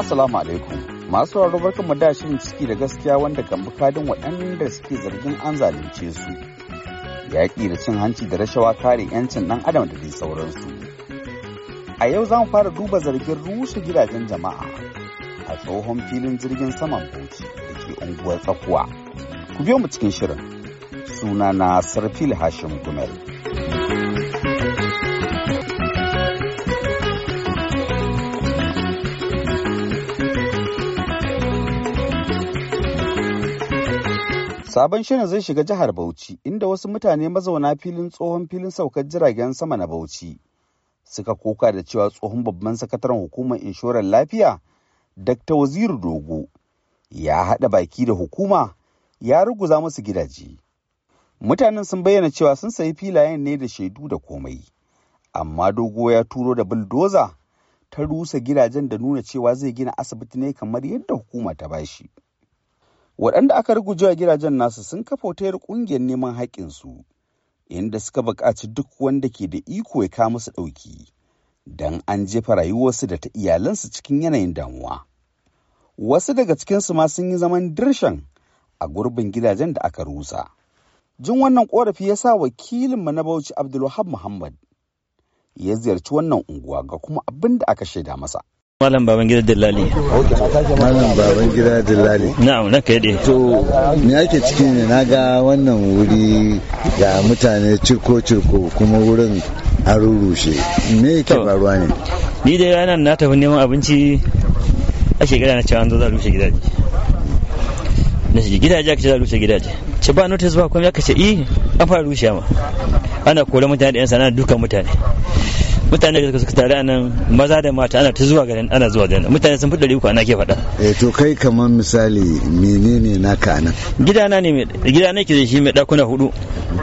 assalamu alaikum masu sauraro mu da shirin ciki da gaskiya wanda kan bi waɗanda suke zargin an zalunce su yaƙi da cin hanci da rashawa kare 'yancin ɗan adam da dai sauransu a yau za mu fara duba zargin rushe gidajen jama'a a tsohon filin jirgin saman bauchi da ke unguwar tsakuwa ku biyo mu cikin shirin sunana sarfil hashim gumel Sabon shirin zai shiga jihar Bauchi inda wasu mutane mazauna filin tsohon filin saukar jiragen sama na Bauchi suka koka da cewa tsohon babban sakataren hukumar inshorar lafiya Dr. Waziru Dogo ya haɗa baki da hukuma ya ruguza musu gidaje. Mutanen sun bayyana cewa sun sayi filayen ne da shaidu da komai, amma Dogo ya turo da buldoza ta rusa gidajen da nuna cewa zai gina asibiti ne kamar yadda hukuma ta bashi. waɗanda aka a gidajen nasu sun kafa wata ƙungiyar neman haƙƙinsu inda suka buƙaci duk wanda ke da iko ya kawo musu ɗauki don an jefa rayuwarsu da ta iyalansu cikin yanayin damuwa wasu daga cikinsu ma sun yi zaman dirshan a gurbin gidajen da aka rusa jin wannan ƙorafi ya sa wakilinmu na bauchi abdulwahab muhammad ya ziyarci wannan unguwa ga kuma abin da aka shaida masa Malam Babangida Dillali. Malam Babangida Dillali. Na'am, na kai dai. To, me yake ciki ne na ga wannan wuri ga mutane cirko-cirko kuma wurin an rurushe. Me yake faruwa ne? Ni dai yana na tafi neman abinci a shekara na cewa an zo za a rushe gidaje. Na shi gidaje aka ce za a rushe gidaje. Ce ba notice ba kuma aka ce i eh, an fara rushe ma. Ana kore mutane da 'yan sana'a dukan mutane. mutane da suka tare a nan maza da mata ana ta zuwa garin ana zuwa garin mutane sun fi ɗari uku ana ke faɗa. eh to kai kamar misali menene naka nan. gidana ne gidana ke da shi mai ɗakuna hudu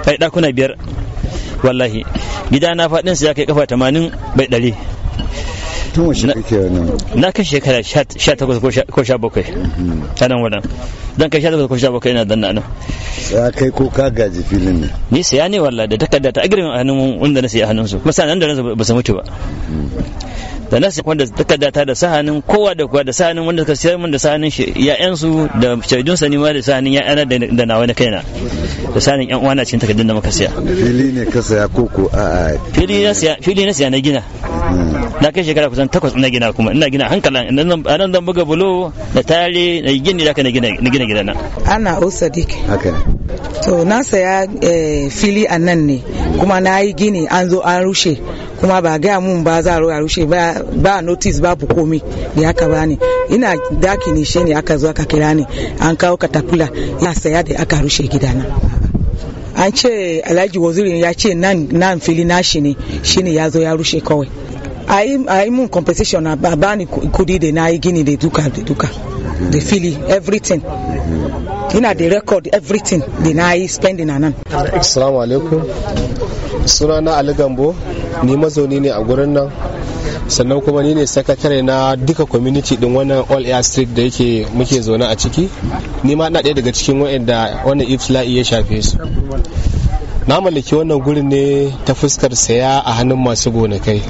kai ɗakuna biyar wallahi gidana faɗin su ya kai kafa tamanin bai ɗari tun wace kake wannan na kai shekara 18 ko 17 a nan wadan dan kai 18 ko 17 ina dan nan ya kai ko ka gaji filin ne ni saya ne walla da takarda ta agirin a hannun wanda na saya hannun su kuma sanan da nan ba su mutu ba mhm. da nasu wanda takarda ta da sahanin kowa da kowa da sahanin wanda suka sayar min da sahanin ya'yan su da shaidun sa ma da sahanin ya'yana da kai na kaina da sahanin yan uwana cikin takardun da muka siya fili ne ka saya ko ko a'a fili siya fili na siya na gina na kai shekara kusan takwas ina gina kuma ina gina hankalan a nan zan buga bulo da tare na gini da na gina gida ana osa dike to na saya eh, fili a nan ne kuma na yi gini an zo an rushe kuma ba gaya mun ba za a rushe ba notice babu komi da aka bani ina daki ne shi ne aka zo aka kira ni an kawo katakula ya saya da aka rushe gidana an ce alhaji waziri ya ce nan fili nashi ne shine ya zo ya rushe kawai a yi mun compensation na ba ni kudi da na yi gini da duka da duka da fili everything ina da record everything da na yi spending a nan assalamu alaikum suna na ali gambo ni mazauni ne a gurin nan sannan kuma ni ne sakatare na duka community din wannan all air street da yake muke zaune a ciki ni ma na ɗaya daga cikin wa'anda wannan ifla'i ya shafe su na mallaki wannan gurin ne ta fuskar saya a hannun masu gonakai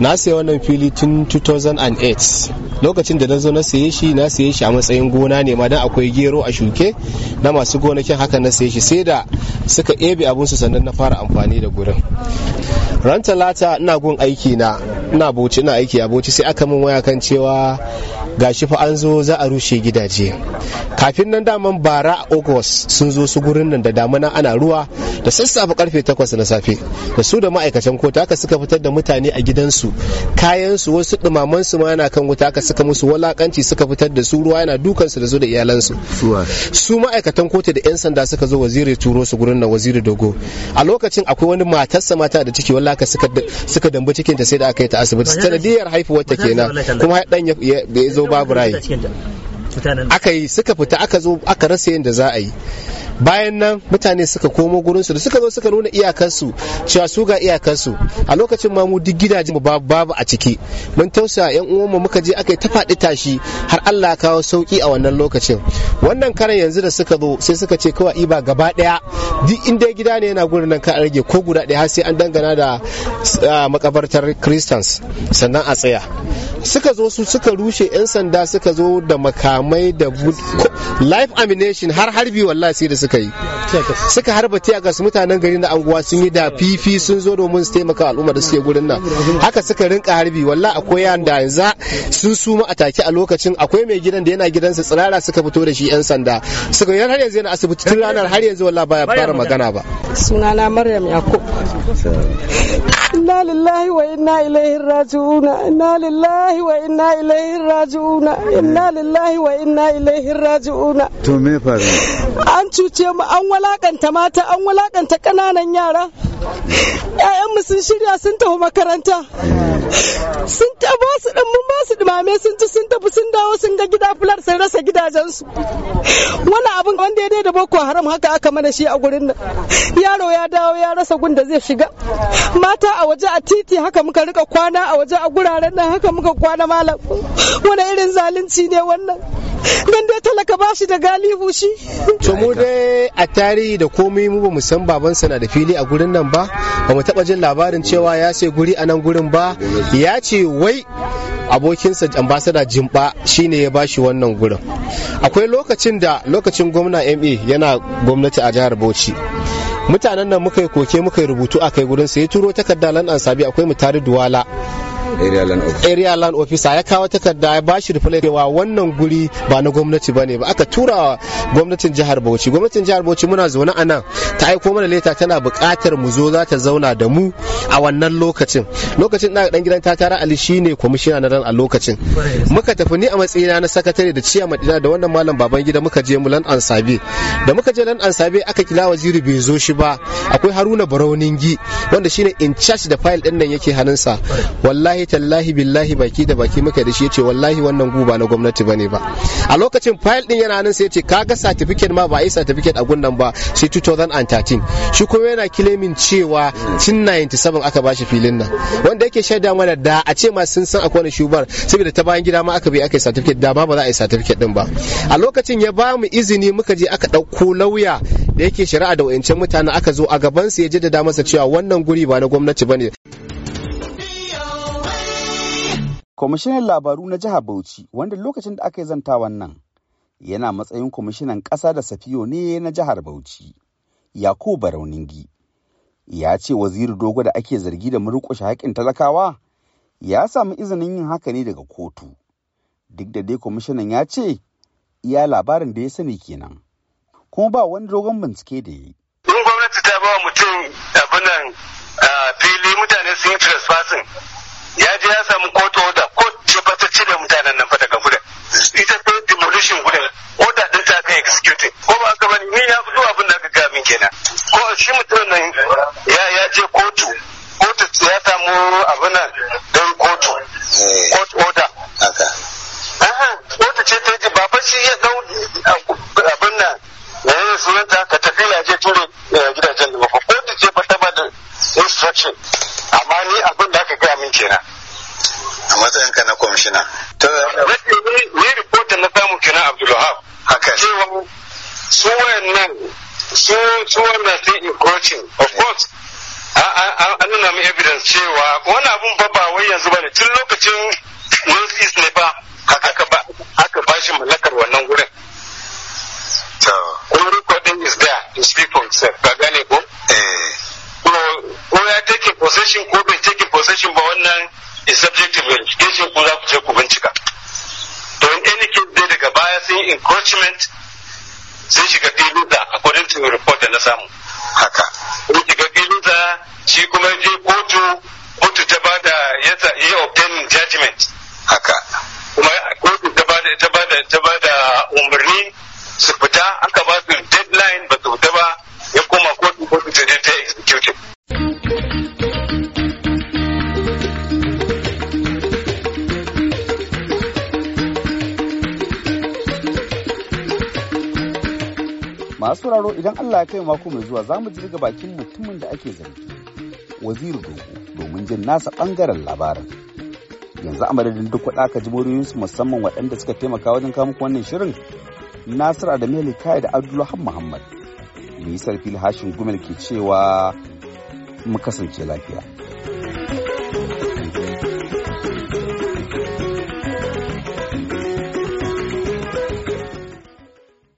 na saya wannan fili tun 2008 lokacin da na zo na saye shi na saye shi a matsayin gona ne ma dan akwai gero a shuke na masu gonakin haka na saye shi sai da suka ebe abin su sannan na fara amfani da gurin ran talata ina gun aiki na ina boci ina aiki a boci sai aka min waya kan cewa gashi fa an zo za a rushe gidaje kafin nan daman bara a ogos sun zo su gurin nan da damuna ana ruwa da sassafe karfe 8 na safe da su da ma'aikatan kota haka suka fitar da mutane a gidansu kayansu wasu dumaman su ma yana kan wuta haka suka musu walakanci suka fitar da su ruwa yana dukan su da su da iyalansu su ma'aikatan kota da yan sanda suka zo waziri turo su gurin nan waziri dogo a lokacin akwai wani matarsa mata da ciki wallaka suka suka cikin cikinta sai da aka yi ta asibiti sanadiyar haifuwar ta kenan kuma dan ya zo babu rayi aka yi suka fita aka zo aka rasa yadda za a yi bayan nan mutane suka komo gurinsu da suka zo suka nuna iyakarsu cewa su ga iyakarsu a lokacin ma mu duk gidaje mu babu a ciki mun tausa yan uwan mu muka je aka yi ta tashi har Allah ya kawo sauki a wannan lokacin wannan karan yanzu da suka zo sai suka ce kawai iba gaba daya duk inda gida ne yana gurin nan ka rage ko guda daya har sai an dangana da makabartar Christians sannan a tsaya suka zo su suka rushe yan sanda suka zo da makamu mai da life ammunition har harbi wallahi sai da suka yi suka harba tiyagas mutanen garin da anguwa sun yi da fifi sun zo domin su taimaka al'umma da suke gurin nan haka suka rinka harbi wallahi akwai yan da yanzu sun suma a take a lokacin akwai mai gidan da yana gidansa tsirara suka fito da shi yan sanda suka yi har yanzu yana asibiti tun ranar har yanzu wallahi baya fara magana ba sunana maryam yakub inna lillahi wa inna ilaihi raji'una inna lillahi wa inna ilaihi raji'una inna lillahi wa inna ilaihi raji'una to me faru an cuce mu an walakanta mata an walakanta kananan yara mu sun shirya sun tafi makaranta sun ta ba su dan mun wasu su dumame sun ci sun tafi sun dawo sun ga gida fular sun rasa gidajensu wani abin wanda ya da boko haram haka aka mana shi a gurin nan yaro ya dawo ya rasa gunda zai shiga mata a waje a titi haka muka rika kwana a waje a guraren nan haka muka kwana malam wani irin zalunci ne wannan dan dai talaka ba shi da galihu shi to mu dai a tarihi da komai mu ba mu san babansa na da fili a gurin nan ba ba mu taba jin labarin cewa ya sai guri a nan gurin ba ya ce wai abokinsa ambasada jimba shine ya bashi wannan gurin akwai lokacin da lokacin gwamna ma yana gwamnati a jihar bauchi mutanen nan muka yi koke muka yi rubutu a kai gurin sai turo takarda lan ansabi akwai mutari duwala area land officer ya kawo takarda ya bashi reply cewa wannan guri ba na gwamnati bane ba aka tura gwamnatin jihar Bauchi gwamnatin jihar Bauchi muna zaune a nan ta aiko mana leta tana buƙatar mu zo za ta zauna da mu a wannan lokacin lokacin na dan gidan tara Ali shine kwamishina na nan a lokacin muka tafi ni a matsayina na sakatare da ciya madina da wannan malam baban gida muka je mu lan'an da muka je lan ansabe aka kila waziri bai zo shi ba akwai Haruna Barauningi wanda shine in charge da file din nan yake hannunsa wallahi tallahi billahi baki da baki muka da shi ya ce wallahi wannan guba na gwamnati ba ne ba a lokacin fayil din yana nan sai ka ga satifiket ma ba a yi satifiket a gundan ba sai 2013 shi kuma yana kilimin cewa tun 97 aka bashi filin nan wanda yake shaida mana da a ce ma sun san akwai wani shubar saboda ta bayan gida ma aka bi aka yi certificate da ma ba za a yi certificate din ba a lokacin ya bamu izini muka je aka dauko lauya da yake shari'a da wayancin mutane aka zo a gaban su ya jaddada masa cewa wannan guri ba na gwamnati bane Kwamishinan labaru na jihar Bauchi wanda lokacin da aka yi zantawan nan yana matsayin kwamishinan ƙasa da safiyo ne na jihar Bauchi. Yakubu Barauningi ya ce waziri dogo da ake zargi da murƙushe haƙƙin talakawa ya samu izinin yin haka ne daga kotu. Duk da dai kwamishinan ya ce iya labarin da ya sani kenan. Kuma ba wani dogon bincike da ya yi. In gwamnati ta ba mutum abinan fili mutane sun yi trespassing ya je ya samu kotu oda ko ce ba ta cire mutanen nan fa daga gudan ita ta demolition gudan oda din ta kai executing ko ba ka bani? ni ya fito abin da ka ga min kenan ko shi mutum nan ya ya je kotu kotu ya samu abin nan a matsayin ka na kwamishina. Ni rikotin na samu kina Abdulwahab. Haka. Cewa su wayannan su su wannan sun encroaching of eh. course an nuna mu evidence cewa wani abun ba ba wai yanzu bane tun lokacin North ne ba haka ba haka ba shi mallakar samu haka in shiga filinsa shi kuma je kotu kotu ta bada ya obtain judgment haka kuma kotu ta bada ta bada masu sauraro idan Allah ya kai mako mai zuwa zamu ji daga bakin mutumin da ake zargi waziri dogo domin jin nasa bangaren labarin yanzu a madadin duk wadda aka ji su musamman waɗanda suka taimaka wajen kawo muku wannan shirin nasir adameli kai da abdulhamid muhammad nisar fil hashin gumel ke cewa mu kasance lafiya